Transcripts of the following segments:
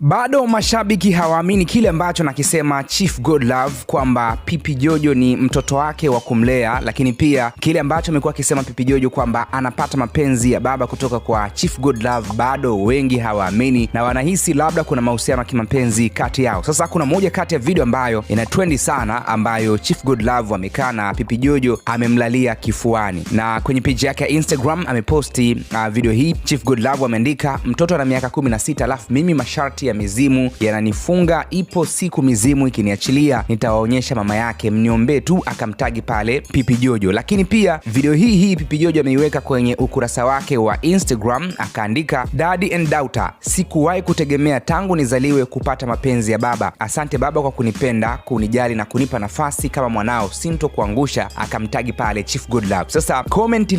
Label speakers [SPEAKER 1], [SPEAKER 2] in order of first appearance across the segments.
[SPEAKER 1] Bado mashabiki hawaamini kile ambacho nakisema Chief Godlove kwamba Pipi Jojo ni mtoto wake wa kumlea, lakini pia kile ambacho amekuwa akisema Pipi Jojo kwamba anapata mapenzi ya baba kutoka kwa Chief Godlove, bado wengi hawaamini na wanahisi labda kuna mahusiano ya kimapenzi kati yao. Sasa kuna moja kati ya video ambayo ina trendi sana, ambayo Chief Godlove amekaa na Pipi Jojo amemlalia kifuani, na kwenye page yake ya Instagram ameposti uh, video hii. Chief Godlove ameandika mtoto ana miaka 16 alafu mimi masharti sauti ya mizimu yananifunga, ipo siku mizimu ikiniachilia nitawaonyesha mama yake, mniombee tu. Akamtagi pale Pipi Jojo. Lakini pia video hii hii Pipi Jojo ameiweka kwenye ukurasa wake wa Instagram akaandika, Daddy and Daughter, sikuwahi kutegemea tangu nizaliwe kupata mapenzi ya baba. Asante baba kwa kunipenda, kunijali na kunipa nafasi kama mwanao, sintokuangusha. Akamtagi pale Chief Godlove. Sasa comment uh,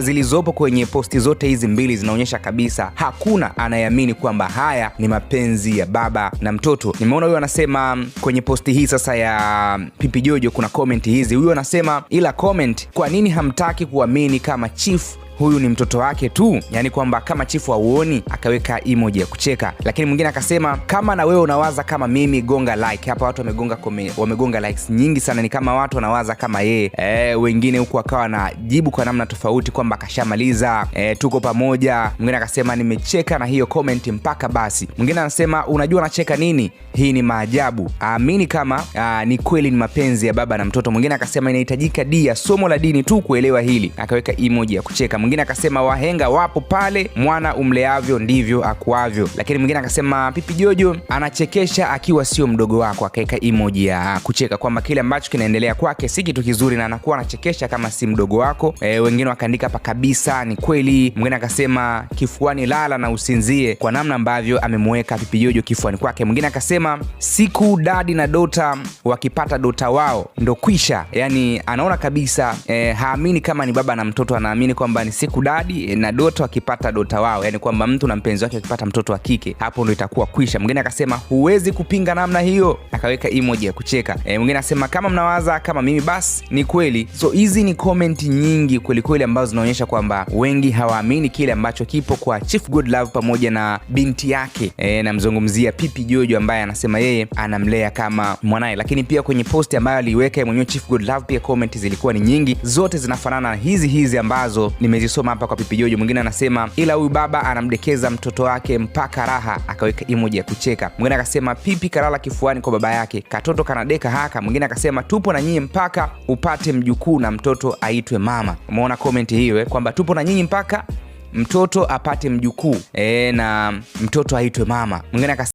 [SPEAKER 1] zilizopo kwenye posti zote hizi mbili zinaonyesha kabisa hakuna anayeamini kwamba haya ni mapenzi mapenzi ya baba na mtoto. Nimeona huyu anasema kwenye posti hii sasa ya pipijojo kuna komenti hizi. Huyu anasema ila comment, kwa nini hamtaki kuamini kama Chief huyu ni mtoto wake tu, yani kwamba kama chifu hauoni, akaweka imoji ya kucheka. Lakini mwingine akasema kama na wewe unawaza kama mimi, gonga like. Hapa watu wamegonga kome, wamegonga likes nyingi sana, ni kama watu wanawaza kama yeye e, wengine huku akawa na jibu kwa namna tofauti kwamba akashamaliza e, tuko pamoja. Mwingine akasema nimecheka na hiyo comment mpaka basi. Mwingine anasema unajua nacheka nini, hii ni maajabu, aamini kama a, ah, ni kweli ni mapenzi ya baba na mtoto. Mwingine akasema inahitajika dia somo la dini tu kuelewa hili, akaweka imoji ya kucheka. Mwingine akasema wahenga wapo pale, mwana umleavyo ndivyo akuavyo. Lakini mwingine akasema Pipi Jojo anachekesha akiwa sio mdogo wako, akaweka imoji ya kucheka kwamba kile ambacho kinaendelea kwake si kitu kizuri na anakuwa anachekesha kama si mdogo wako. E, wengine wakaandika hapa kabisa ni kweli. Mwingine akasema kifuani lala na usinzie, kwa namna ambavyo amemweka Pipi Jojo kifuani kwake. Mwingine akasema siku dadi na Dota wakipata Dota wao ndo kwisha. Yani anaona kabisa e, haamini kama ni baba na mtoto, anaamini kwamba ni siku dadi na Doto akipata Dota wao, yani kwamba mtu na mpenzi wake akipata mtoto wa kike, hapo ndo itakuwa kwisha. Mwingine akasema huwezi kupinga namna hiyo, akaweka emoji ya kucheka. E, mwingine anasema kama mnawaza kama mimi basi ni kweli. So hizi ni comment nyingi kweli kweli ambazo zinaonyesha kwamba wengi hawaamini kile ambacho kipo kwa Chief love pamoja na binti yake e, namzungumzia Pipi Jojo ambaye anasema yeye anamlea kama mwanaye, lakini pia kwenye posti ambayo aliiweka mwenyewe Chief love pia comment zilikuwa ni nyingi, zote zinafanana hizi hizi ambazo nimezi kuzisoma hapa kwa Pipijojo. Mwingine anasema ila huyu baba anamdekeza mtoto wake mpaka raha, akaweka imoji ya kucheka. Mwingine akasema pipi kalala kifuani kwa baba yake, katoto kanadeka haka. Mwingine akasema tupo na nyinyi mpaka upate mjukuu na mtoto aitwe mama. Umeona komenti hiyo eh, kwamba tupo na nyinyi mpaka mtoto apate mjukuu e, na mtoto aitwe mama. Mwingine